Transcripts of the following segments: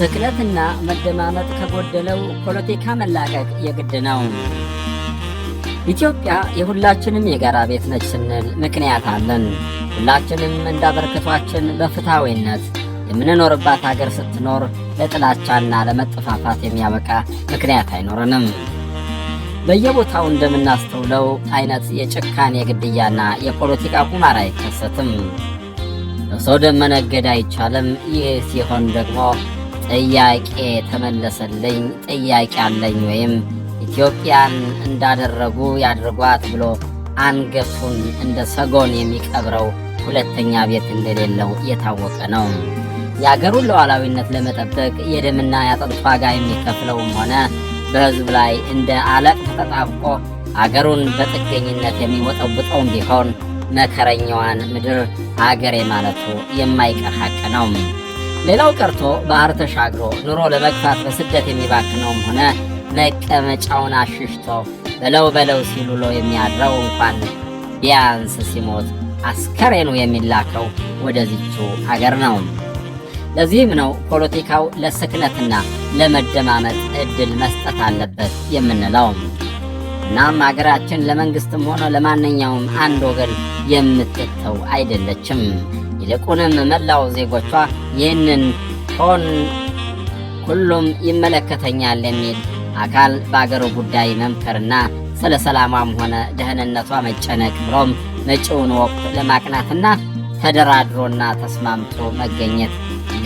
ስክለትና መደማመጥ ከጎደለው ፖለቲካ መላቀቅ የግድ ነው። ኢትዮጵያ የሁላችንም የጋራ ቤት ነች ስንል ምክንያት አለን። ሁላችንም እንዳበርክቷችን በፍትሐዊነት የምንኖርባት አገር ስትኖር ለጥላቻና ለመጠፋፋት የሚያበቃ ምክንያት አይኖረንም። በየቦታው እንደምናስተውለው አይነት የጭካኔ ግድያና የፖለቲካ ቁማር አይከሰትም። በሰው ደመነ ገድ አይቻልም። ይህ ሲሆን ደግሞ ጥያቄ ተመለሰልኝ። ጥያቄ አለኝ ወይም ኢትዮጵያን እንዳደረጉ ያድርጓት ብሎ አንገቱን እንደ ሰጎን የሚቀብረው ሁለተኛ ቤት እንደሌለው የታወቀ ነው። የአገሩን ሉዓላዊነት ለመጠበቅ የደምና የአጥንት ዋጋ የሚከፍለውም ሆነ በሕዝብ ላይ እንደ አለቅ ተጣብቆ አገሩን በጥገኝነት የሚወጠውጠውም ቢሆን መከረኛዋን ምድር አገሬ ማለቱ የማይቀር ሐቅ ነው። ሌላው ቀርቶ ባህር ተሻግሮ ኑሮ ለመግፋት በስደት የሚባክነውም ሆነ መቀመጫውን አሽሽቶ በለው በለው ሲሉ የሚያድረው እንኳን ቢያንስ ሲሞት አስከሬኑ የሚላከው ወደዚቹ አገር ነው። ለዚህም ነው ፖለቲካው ለስክነትና ለመደማመጥ እድል መስጠት አለበት የምንለው። እናም አገራችን ለመንግስትም ሆነ ለማንኛውም አንድ ወገን የምትተው አይደለችም። ይልቁንም መላው ዜጎቿ ይህንን ሆን ሁሉም ይመለከተኛል የሚል አካል በአገሩ ጉዳይ መምከርና ስለ ሰላሟም ሆነ ደህንነቷ መጨነቅ ብሎም መጪውን ወቅት ለማቅናትና ተደራድሮና ተስማምቶ መገኘት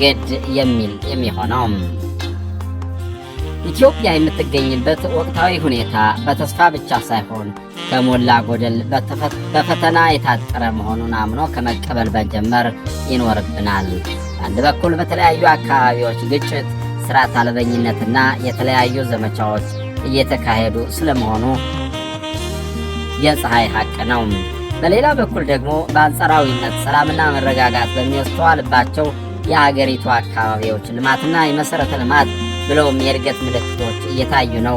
ግድ የሚል የሚሆነውም ኢትዮጵያ የምትገኝበት ወቅታዊ ሁኔታ በተስፋ ብቻ ሳይሆን በሞላ ጎደል በፈተና የታጠረ መሆኑን አምኖ ከመቀበል መጀመር ይኖርብናል። በአንድ በኩል በተለያዩ አካባቢዎች ግጭት፣ ስርዓት አልበኝነትና የተለያዩ ዘመቻዎች እየተካሄዱ ስለመሆኑ የፀሐይ ሐቅ ነው። በሌላ በኩል ደግሞ በአንጻራዊነት ሰላምና መረጋጋት በሚስተዋልባቸው የአገሪቱ አካባቢዎች ልማትና የመሠረተ ልማት ብለውም የእድገት ምልክቶች እየታዩ ነው።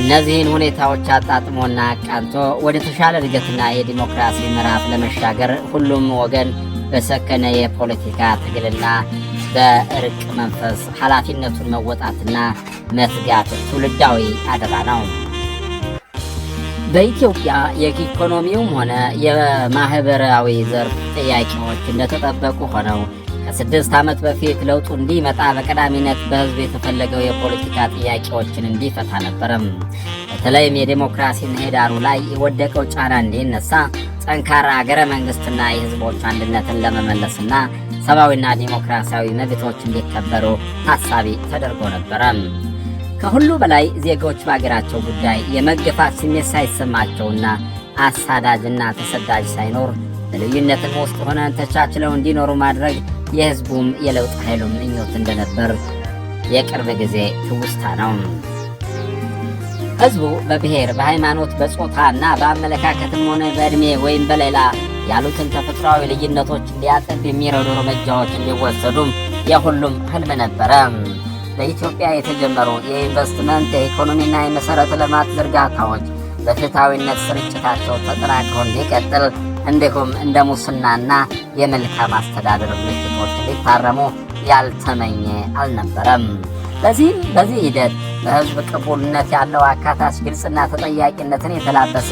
እነዚህን ሁኔታዎች አጣጥሞና አቃንቶ ወደ ተሻለ እድገትና የዲሞክራሲ ምዕራፍ ለመሻገር ሁሉም ወገን በሰከነ የፖለቲካ ትግልና በእርቅ መንፈስ ኃላፊነቱን መወጣትና መትጋት ትውልዳዊ አደራ ነው። በኢትዮጵያ የኢኮኖሚውም ሆነ የማህበራዊ ዘርፍ ጥያቄዎች እንደተጠበቁ ሆነው ከስድስት ዓመት በፊት ለውጡ እንዲመጣ በቀዳሚነት በህዝብ የተፈለገው የፖለቲካ ጥያቄዎችን እንዲፈታ ነበረም። በተለይም የዴሞክራሲ ምህዳሩ ላይ የወደቀው ጫና እንዲነሳ ጠንካራ አገረ መንግስትና የህዝቦች አንድነትን ለመመለስና ሰብአዊና ዲሞክራሲያዊ መብቶች እንዲከበሩ ታሳቢ ተደርጎ ነበረ። ከሁሉ በላይ ዜጎች በአገራቸው ጉዳይ የመገፋት ስሜት ሳይሰማቸውና አሳዳጅና ተሰዳጅ ሳይኖር በልዩነትም ውስጥ ሆነን ተቻችለው እንዲኖሩ ማድረግ የህዝቡም የለውጥ ኃይሉም እኞት እንደነበር የቅርብ ጊዜ ትውስታ ነው። ህዝቡ በብሔር፣ በሃይማኖት፣ በጾታ እና በአመለካከትም ሆነ በዕድሜ ወይም በሌላ ያሉትን ተፈጥሯዊ ልዩነቶች ሊያጠብ የሚረዱ እርምጃዎች እንዲወሰዱ የሁሉም ህልም ነበረ። በኢትዮጵያ የተጀመሩ የኢንቨስትመንት የኢኮኖሚና የመሠረተ ልማት ዝርጋታዎች በፍትሐዊነት ስርጭታቸው ተጠናክሮ እንዲቀጥል እንዲሁም እንደ ሙስናና የመልካም አስተዳደር ምልክቶች ሊታረሙ ያልተመኘ አልነበረም። በዚህም በዚህ ሂደት በህዝብ ቅቡልነት ያለው አካታች ግልጽና ተጠያቂነትን የተላበሰ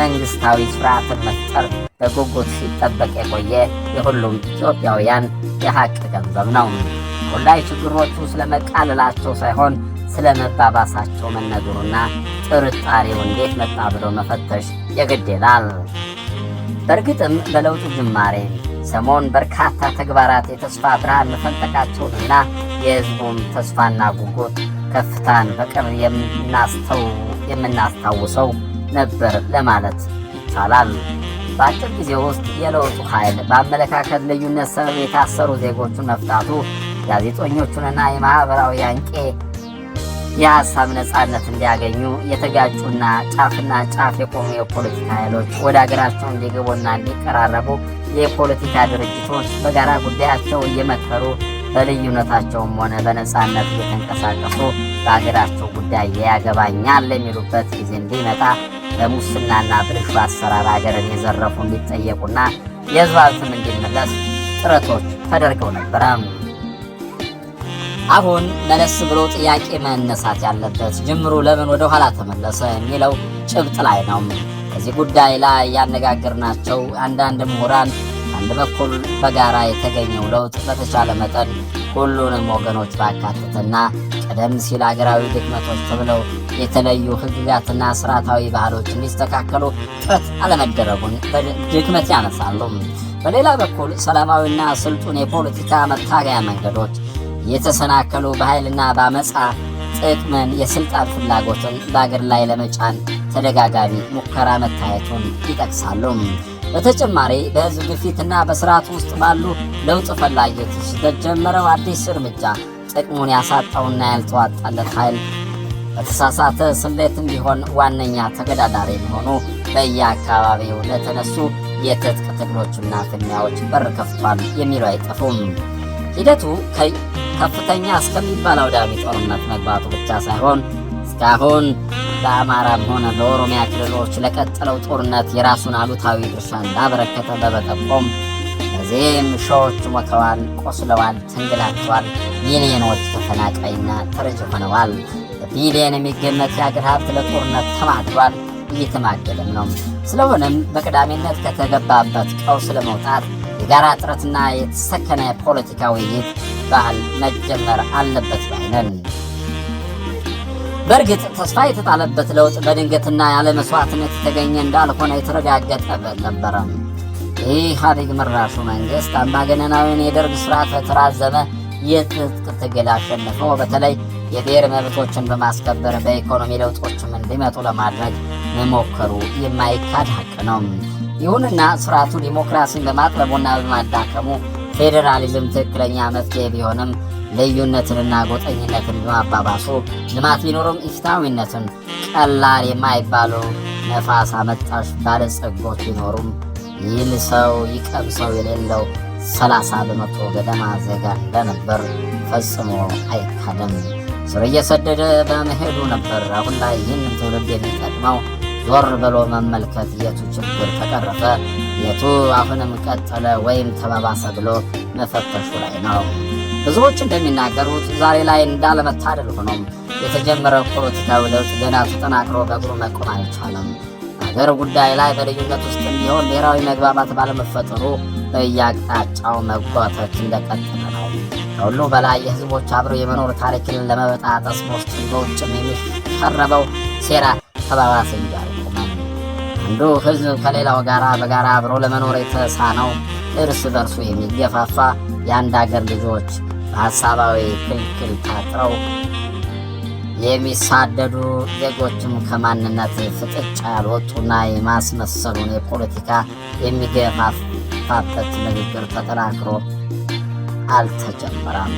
መንግስታዊ ስርዓትን መፍጠር በጉጉት ሲጠበቅ የቆየ የሁሉም ኢትዮጵያውያን የሀቅ ገንዘብ ነው። ሁላይ ችግሮቹ ስለመቃለላቸው ሳይሆን ስለመባባሳቸው መነገሩና ጥርጣሬው እንዴት መጣ ብሎ መፈተሽ የግድ ይላል። በእርግጥም በለውጡ ጅማሬ ሰሞን በርካታ ተግባራት የተስፋ ብርሃን መፈንጠቃቸውና የህዝቡን ተስፋና ጉጉት ከፍታን በቅርብ የምናስታውሰው ነበር ለማለት ይቻላል። በአጭር ጊዜ ውስጥ የለውጡ ኃይል በአመለካከት ልዩነት ሰበብ የታሰሩ ዜጎቹን መፍታቱ ጋዜጠኞቹንና የማኅበራዊ አንቄ የሀሳብ ነጻነት እንዲያገኙ የተጋጩና ጫፍና ጫፍ የቆሙ የፖለቲካ ኃይሎች ወደ ሀገራቸው እንዲገቡና እንዲቀራረቡ የፖለቲካ ድርጅቶች በጋራ ጉዳያቸው እየመከሩ በልዩነታቸውም ሆነ በነጻነት እየተንቀሳቀሱ በሀገራቸው ጉዳይ ያገባኛል ለሚሉበት ጊዜ እንዲመጣ በሙስናና ብልሹ አሰራር ሀገርን የዘረፉ እንዲጠየቁና የህዝብ ሀብትም እንዲመለስ ጥረቶች ተደርገው ነበረም። አሁን መለስ ብሎ ጥያቄ መነሳት ያለበት ጅምሩ ለምን ወደ ኋላ ተመለሰ የሚለው ጭብጥ ላይ ነው። በዚህ ጉዳይ ላይ ያነጋገርናቸው አንዳንድ ምሁራን አንድ በኩል በጋራ የተገኘው ለውጥ በተቻለ መጠን ሁሉንም ወገኖች ባካተተና ቀደም ሲል አገራዊ ድክመቶች ተብለው የተለዩ ህግጋትና ስርዓታዊ ባህሎች እንዲስተካከሉ ጥረት አለመደረጉን ድክመት ያነሳሉ። በሌላ በኩል ሰላማዊና ስልጡን የፖለቲካ መታገያ መንገዶች የተሰናከሉ በኃይልና በአመፃ ጥቅምን፣ የስልጣን ፍላጎትን በአገር ላይ ለመጫን ተደጋጋሚ ሙከራ መታየቱን ይጠቅሳሉ። በተጨማሪ በህዝብ ግፊትና በስርዓት ውስጥ ባሉ ለውጥ ፈላጊዎች በተጀመረው አዲስ እርምጃ ጥቅሙን ያሳጣውና ያልተዋጣለት ኃይል በተሳሳተ ስሌትም ቢሆን ዋነኛ ተገዳዳሪ መሆኑ በየአካባቢው ለተነሱ የትጥቅ ትግሎችና ፍልሚያዎች በር ከፍቷል የሚለው አይጠፉም። ሂደቱ ከይ ከፍተኛ እስከሚባል አውዳሚ ጦርነት መግባቱ ብቻ ሳይሆን እስካሁን በአማራም ሆነ በኦሮሚያ ክልሎች ለቀጠለው ጦርነት የራሱን አሉታዊ ድርሻ እንዳበረከተ በመጠቆም በዚህም ሺዎች ሞተዋል፣ ቆስለዋል፣ ተንገላተዋል፣ ሚሊዮኖች ተፈናቃይና ተረጅ ሆነዋል። በቢሊየን የሚገመት የአገር ሀብት ለጦርነት ተማግሏል፣ እየተማገለም ነው። ስለሆነም በቀዳሚነት ከተገባበት ቀውስ ለመውጣት የጋራ ጥረትና የተሰከነ ፖለቲካ ውይይት ባህል መጀመር አለበት ባይነን። በእርግጥ ተስፋ የተጣለበት ለውጥ በድንገትና ያለ መስዋዕትነት የተገኘ እንዳልሆነ የተረጋገጠበት ይህ የኢህአዴግ መራሹ መንግስት አምባገነናዊውን የደርግ ስርዓት በተራዘመ የትጥቅ ትግል አሸንፎ በተለይ የብሔር መብቶችን በማስከበር በኢኮኖሚ ለውጦችም እንዲመጡ ለማድረግ መሞከሩ የማይካድ ሀቅ ነው። ይሁንና ስርዓቱ ዲሞክራሲን በማጥበቡና በማዳከሙ ፌዴራሊዝም ትክክለኛ መፍትሄ ቢሆንም ልዩነትንና ጎጠኝነትን በማባባሱ ልማት ቢኖርም ኢፍትሐዊነትን ቀላል የማይባሉ ነፋስ አመጣሽ ባለጸጎች ቢኖሩም ይልሰው ይቀምሰው የሌለው ሰላሳ በመቶ ገደማ ዜጋ እንደነበር ፈጽሞ አይካደም። ስር እየሰደደ በመሄዱ ነበር። አሁን ላይ ይህንን ትውልድ የሚጠቅመው ዞር ብሎ መመልከት የቱ ችግር ተቀረፈ፣ የቱ አሁንም ቀጠለ ወይም ተባባሰ ብሎ መፈተሹ ላይ ነው። ብዙዎች እንደሚናገሩት ዛሬ ላይ እንዳለመታደል ሆኖም የተጀመረ ፖለቲካዊ ለውጥ ገና ተጠናክሮ በእግሩ መቆም አልቻለም። አገር ጉዳይ ላይ በልዩነት ውስጥ ቢሆን ብሔራዊ መግባባት ባለመፈጠሩ በየአቅጣጫው መጓተት እንደቀጠለ ነው። ከሁሉ በላይ የህዝቦች አብሮ የመኖር ታሪክን ለመበጣጠስ በውስጥ ጭም የሚሸረበው ሴራ ተባባሰ እያለ አንዱ ህዝብ ከሌላው ጋር በጋራ አብሮ ለመኖር የተሳነው እርስ በርሱ የሚገፋፋ የአንድ አገር ልጆች በሀሳባዊ ክልክል ታጥረው የሚሳደዱ ዜጎችም ከማንነት ፍጥጫ ያልወጡና የማስመሰሉን የፖለቲካ የሚገፋፋበት ንግግር ተጠናክሮ አልተጀመረም።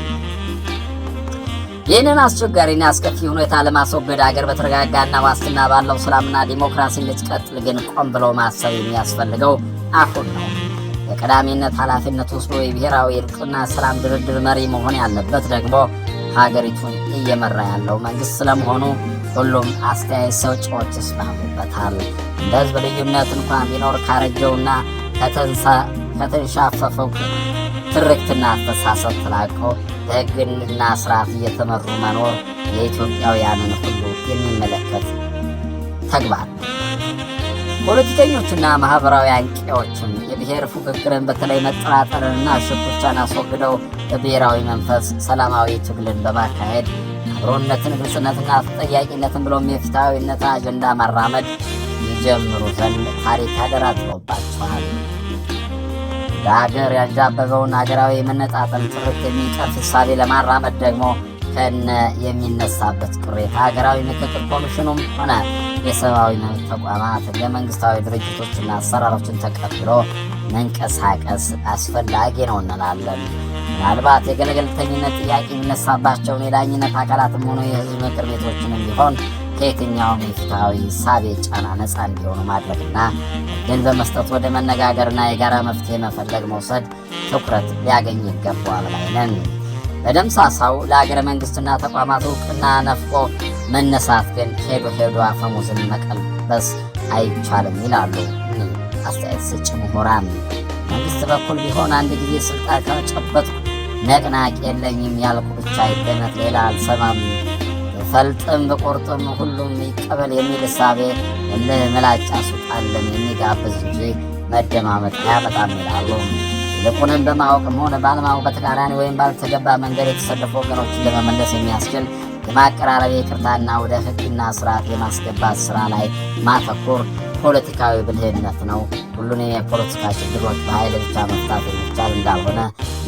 ይህንን አስቸጋሪና አስከፊ ሁኔታ ለማስወገድ አገር በተረጋጋና ዋስትና ባለው ሰላምና ዲሞክራሲ ልትቀጥል ግን ቆም ብሎ ማሰብ የሚያስፈልገው አሁን ነው። የቀዳሚነት ኃላፊነት ወስዶ የብሔራዊ እርቅና ሰላም ድርድር መሪ መሆን ያለበት ደግሞ ሀገሪቱን እየመራ ያለው መንግስት ስለመሆኑ ሁሉም አስተያየት ሰጪዎች ይስማሙበታል። እንደ ህዝብ ልዩነት እንኳን ቢኖር ካረጀውና ከተንሻፈፈው ትርክትና አስተሳሰብ ተላቆ በሕግና ስርዓት እየተመሩ መኖር የኢትዮጵያውያንን ሁሉ የሚመለከት ተግባር ፖለቲከኞችና ማህበራዊ አንቂዎችም የብሔር ፉክክርን በተለይ መጠራጠርንና ሽኩቻን አስወግደው በብሔራዊ መንፈስ ሰላማዊ ትግልን በማካሄድ አብሮነትን፣ ግልጽነትና ተጠያቂነትን ብሎም የፍትሐዊነትን አጀንዳ ማራመድ ይጀምሩ ዘንድ ታሪክ ያደራ ጥሎባቸዋል። ለሀገር ያንዣበበውን ሀገራዊ የመነጣጠል ጥርት የሚቀርፍ እሳቤ ለማራመድ ደግሞ ከነ የሚነሳበት ቅሬታ ሀገራዊ ምክክር ኮሚሽኑም ሆነ የሰብአዊ መብት ተቋማት ህገ ድርጅቶችና አሰራሮችን ተቀብሎ መንቀሳቀስ አስፈላጊ ነው እንላለን። ምናልባት የገለልተኝነት ጥያቄ የሚነሳባቸውን የዳኝነት አካላትም ሆነ የህዝብ ምክር ቤቶችንም ቢሆን ከየትኛውም የፍትሐዊ ሳቤ ጫና ነፃ እንዲሆኑ ማድረግና ግን በመስጠት ወደ መነጋገርና የጋራ መፍትሄ መፈለግ መውሰድ ትኩረት ሊያገኝ ይገባዋል ላይ በደምሳሳው ለአገረ መንግስትና ተቋማት እውቅና ነፍቆ መነሳት ግን ሄዶ ሄዶ አፈሙዝን መቀልበስ አይቻልም ይላሉ አስተያየት ስጭ ምሁራን። መንግስት በኩል ቢሆን አንድ ጊዜ ስልጣን ከጨበጥኩ ነቅናቅ የለኝም ያልኩ ብቻ ይደመጥ ሌላ አልሰማም ፈልጥም በቆርጥም ሁሉም ይቀበል የሚል እሳቤ እልህ ምላጭ አስወጣልን የሚጋብዝ እንጂ መደማመጥ አያመጣም ይላሉ። ይልቁንም በማወቅም ሆነ ባለማወቅ በተቃራኒ ወይም ባልተገባ መንገድ የተሰለፉ ወገኖችን ለመመለስ የሚያስችል የማቀራረብ ይቅርታና ወደ ሕግና ስርዓት የማስገባት ስራ ላይ ማተኮር ፖለቲካዊ ብልህነት ነው። ሁሉን የፖለቲካ ችግሮች በኃይል ብቻ መፍታት የሚቻል እንዳልሆነ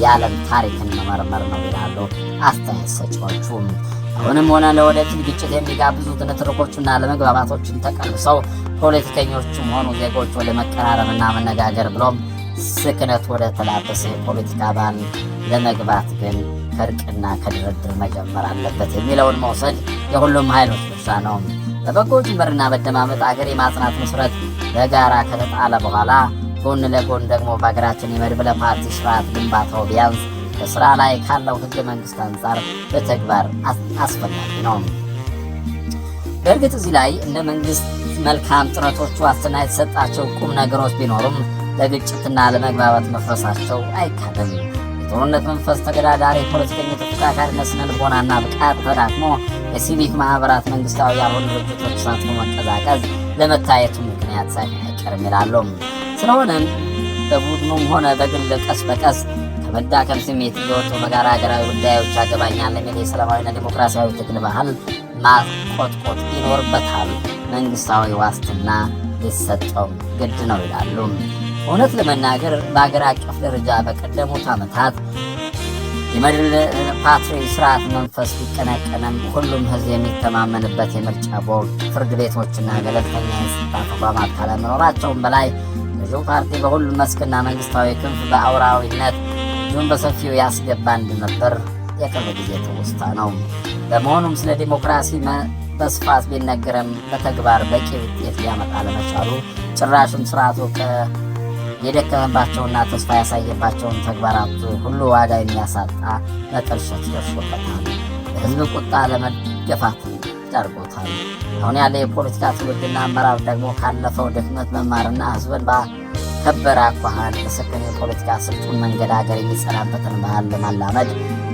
የዓለም ታሪክን መመርመር ነው ይላሉ አስተያየት ሰጪዎቹ። አሁንም ሆነ ለወደፊት ግጭት የሚጋብዙ ንትርኮችና ለመግባባቶችን ተቀንሰው ፖለቲከኞቹም ሆኑ ዜጎች ወደ መቀራረብና መነጋገር ብሎም ስክነት ወደ ተላበሰ የፖለቲካ ባህል ለመግባት ግን ከእርቅና ከድርድር መጀመር አለበት የሚለውን መውሰድ የሁሉም ኃይሎች ድርሻ ነው። በበጎ ጅምርና መደማመጥ አገር የማጽናት መሰረት በጋራ ከተጣለ በኋላ ጎን ለጎን ደግሞ በሀገራችን የመድብለ ፓርቲ ስርዓት ግንባታው ቢያንስ በስራ ላይ ካለው ህገ መንግስት አንጻር በተግባር አስፈላጊ ነው። በእርግጥ እዚህ ላይ እንደ መንግስት መልካም ጥረቶቹ ዋስትና የተሰጣቸው ቁም ነገሮች ቢኖሩም ለግጭትና ለመግባባት መፍረሳቸው አይካድም። የጦርነት መንፈስ ተገዳዳሪ የፖለቲከኞች ተፎካካሪነት ስነ ልቦናና ብቃት ተዳክሞ የሲቪክ ማህበራት መንግስታዊ ያልሆኑ ድርጅቶች እሳት በመቀዛቀዝ ለመታየቱ ምክንያት ሳይሆን አይቀርም ይላሉ። ስለሆነም በቡድኑም ሆነ በግል ቀስ በቀስ መዳከም ስሜት እየወጡ በጋራ ሀገራዊ ጉዳዮች አገባኛል የሚል የሰላማዊና ዲሞክራሲያዊ ትግል ባህል ማቆጥቆጥ ይኖርበታል። መንግስታዊ ዋስትና ሊሰጠው ግድ ነው ይላሉ። እውነት ለመናገር በአገር አቀፍ ደረጃ በቀደሙት ዓመታት የመድል ፓትሪ ስርዓት መንፈስ ቢቀነቀንም ሁሉም ህዝብ የሚተማመንበት የምርጫ ቦርድ፣ ፍርድ ቤቶችና ገለልተኛ የጸጥታ ተቋማት ካለመኖራቸውም በላይ ገዢው ፓርቲ በሁሉም መስክና መንግስታዊ ክንፍ በአውራዊነት እንዲሁም በሰፊው ያስገባ እንድነበር የቅርብ ጊዜ ትውስታ ነው። በመሆኑም ስለ ዲሞክራሲ በስፋት ቢነገረም በተግባር በቂ ውጤት ሊያመጣ ለመቻሉ ጭራሽም ስርዓቱ የደከመባቸውና ተስፋ ያሳየባቸውን ተግባራቱ ሁሉ ዋጋ የሚያሳጣ መጠልሸት ደርሶበታል። በህዝብ ቁጣ ለመገፋት ዳርጎታል። አሁን ያለ የፖለቲካ ትውልድና አመራር ደግሞ ካለፈው ድክመት መማርና ህዝብን ከበረ አኳኋን ምስክን የፖለቲካ ስልጡን መንገድ ሀገር የሚጸናበትን ባህል ለማላመድ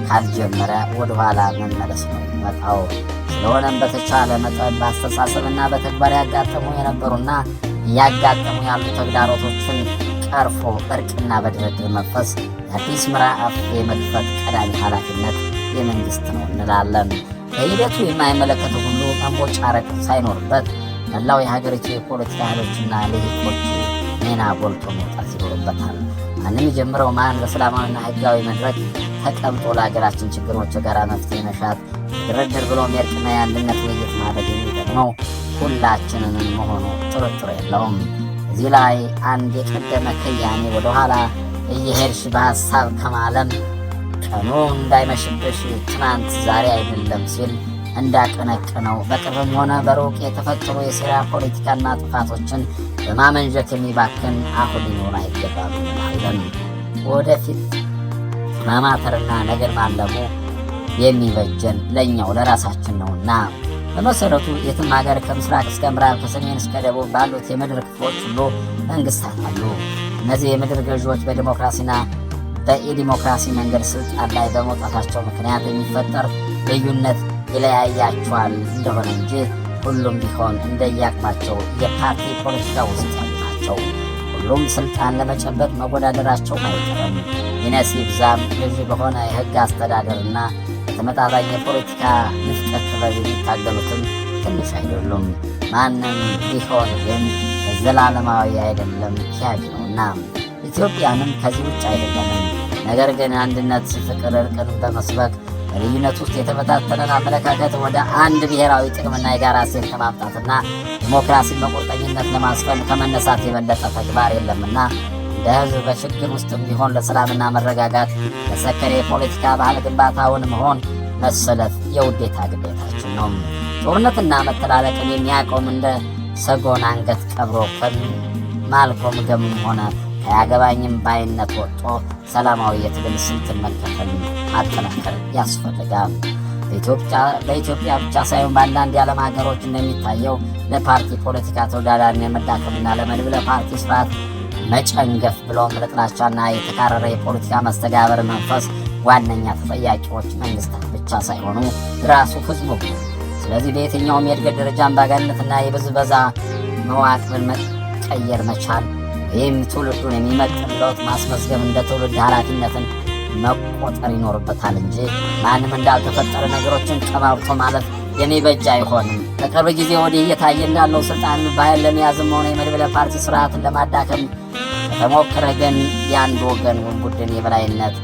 ካልጀመረ ወደኋላ መመለስ ነው የሚመጣው። ስለሆነም በተቻለ መጠን በአስተሳሰብና በተግባር ያጋጠሙ የነበሩና እያጋጠሙ ያሉ ተግዳሮቶችን ቀርፎ እርቅና በድርድር መንፈስ የአዲስ ምዕራፍ የመክፈት ቀዳሚ ኃላፊነት የመንግስት ነው እንላለን። በሂደቱ የማይመለከተው ሁሉ እምቦጭ አረቅ ሳይኖርበት መላው የሀገሪቱ የፖለቲካ ኃይሎችና ልሂቆች ሚና ጎልቶ መውጣት ይኖርበታል። ማንም የጀምረው ማን በሰላማዊና ህጋዊ መድረክ ተቀምጦ ለሀገራችን ችግሮች ጋራ መፍትሄ መሻት፣ ድርድር ብሎም የእርቅና የአንድነት ውይይት ማድረግ የሚጠቅመው ሁላችንንም መሆኑ ጥርጥር የለውም። እዚህ ላይ አንድ የቀደመ ከያኔ ወደኋላ እየሄድሽ በሀሳብ ከማለም ቀኑ እንዳይመሽብሽ ትናንት ዛሬ አይደለም ሲል እንዳቀነቅነው በቅርብም ሆነ በሩቅ የተፈጠሩ የሴራ ፖለቲካና ጥፋቶችን በማመንዘት የሚባክን አሁን ሊኖር አይገባም አለን። ወደፊት መማተርና ነገር ማለሙ የሚበጀን ለእኛው ለራሳችን ነውና በመሰረቱ የትም ሀገር ከምስራቅ እስከ ምዕራብ ከሰሜን እስከ ደቡብ ባሉት የምድር ክፍሎች ሁሉ መንግስታት አሉ። እነዚህ የምድር ገዢዎች በዲሞክራሲና በኢዲሞክራሲ መንገድ ስልጣን ላይ በመውጣታቸው ምክንያት የሚፈጠር ልዩነት ይለያያቸዋል እንደሆነ እንጂ ሁሉም ቢሆን እንደየአቅማቸው የፓርቲ ፖለቲካ ውስጥ ናቸው። ሁሉም ስልጣን ለመጨበጥ መወዳደራቸው አይቀርም። ይነስ ይብዛም ገዢ በሆነ የህግ አስተዳደርና በተመጣጣኝ የፖለቲካ ንፍቀ ክበብ የሚታገሉትም ትንሽ አይደሉም። ማንም ቢሆን ግን ዘላለማዊ አይደለም ኪያጅ ነውና ኢትዮጵያንም ከዚህ ውጭ አይደለንም። ነገር ግን አንድነት፣ ፍቅር፣ እርቅን በመስበክ በልዩነት ውስጥ የተበታተነን አመለካከት ወደ አንድ ብሔራዊ ጥቅምና የጋራ ሴት ከማምጣትና ዲሞክራሲን በቁርጠኝነት ለማስፈን ከመነሳት የበለጠ ተግባር የለምና እንደ ህዝብ በችግር ውስጥም ቢሆን ለሰላምና መረጋጋት ለሰከረ የፖለቲካ ባህል ግንባታውን መሆን መሰለፍ የውዴታ ግዴታችን ነው። ጦርነትና መተላለቅን የሚያቆም እንደ ሰጎን አንገት ቀብሮ ማልኮም ገም ሆናል አያገባኝም ባይነት ወጥቶ ሰላማዊ የትግል ስልትን መከተል ማጠናከር ያስፈልጋል። በኢትዮጵያ ብቻ ሳይሆን በአንዳንድ የዓለም ሀገሮች እንደሚታየው ለፓርቲ ፖለቲካ ተወዳዳሪን የመዳከምና ለመድብለ ፓርቲ ስርዓት መጨንገፍ ብሎም ለጥላቻና የተካረረ የፖለቲካ መስተጋበር መንፈስ ዋነኛ ተጠያቂዎች መንግስታት ብቻ ሳይሆኑ ራሱ ህዝቡ ስለዚህ በየትኛውም የእድገት ደረጃ አምባገነንነትና የብዝበዛ መዋቅርን መቀየር መቻል ይህም ትውልዱን የሚመጥን ለውጥ ማስመዝገብ እንደ ትውልድ ኃላፊነትን መቆጠር ይኖርበታል እንጂ ማንም እንዳልተፈጠረ ነገሮችን ቀባብቶ ማለት የሚበጃ አይሆንም። ከቅርብ ጊዜ ወዲህ እየታየ እንዳለው ስልጣን በኃይል ለመያዝም ሆነ የመድበለ ፓርቲ ስርዓትን ለማዳከም ከተሞከረ ግን የአንድ ወገን ቡድን የበላይነት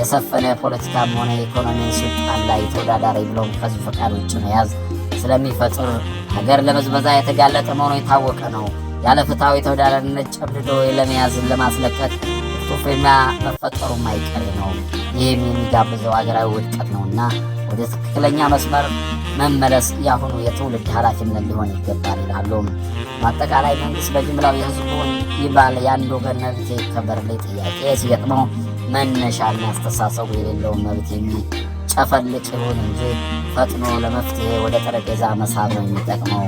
የሰፈነ የፖለቲካም ሆነ የኢኮኖሚን ስልጣን ላይ ተወዳዳሪ ብለው ከዚህ ፈቃድ ውጭ መያዝ ስለሚፈጥር ሀገር ለበዝበዛ የተጋለጠ መሆኑ የታወቀ ነው። ያለ ፍትሐዊ ተወዳዳሪነት ጨምድዶ ለመያዝን ለማስለቀቅ ጡፍና መፈጠሩም አይቀሬ ነው። ይህም የሚጋብዘው አገራዊ ውድቀት ነውና ወደ ትክክለኛ መስመር መመለስ የአሁኑ የትውልድ ኃላፊነት ሊሆን ይገባል ይላሉ። በአጠቃላይ መንግስት በጅምላው የህዝቡን ይባል የአንድ ወገን መብት ይከበርልኝ ጥያቄ ሲገጥመው መነሻና አስተሳሰቡ የሌለውን መብት የሚጨፈልቅ ይሁን እንጂ ፈጥኖ ለመፍትሄ ወደ ጠረጴዛ መሳብ ነው የሚጠቅመው።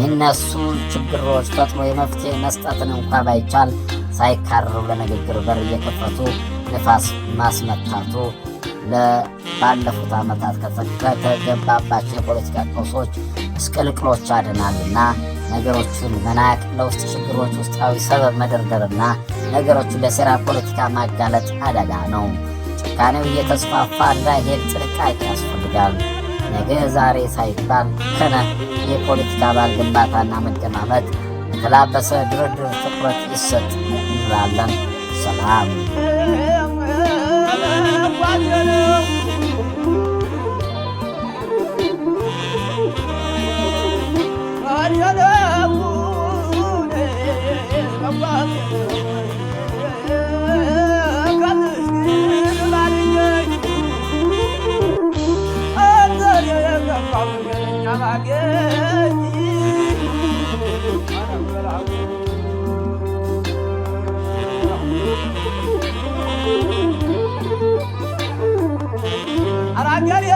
የሚነሱ ችግሮች ፈጥኖ የመፍትሄ መስጠትን እንኳ ባይቻል ሳይካረሩ ለንግግር በር እየከፈቱ ንፋስ ማስመታቱ ባለፉት ዓመታት ከተገባባቸው የፖለቲካ ቀውሶች ምስቅልቅሎች አድናልና ነገሮቹን መናቅ ለውስጥ ችግሮች ውስጣዊ ሰበብ መደርደርና ነገሮቹን ለሴራ ፖለቲካ ማጋለጥ አደጋ ነው። ጭካኔው እየተስፋፋ እንዳይሄድ ጥንቃቄ ያስፈልጋል። ነገ ዛሬ ሳይባል ከነ የፖለቲካ አባል ግንባታና መደማመጥ የተላበሰ ድርድር ትኩረት ይሰጥ እንላለን። ሰላም አራገ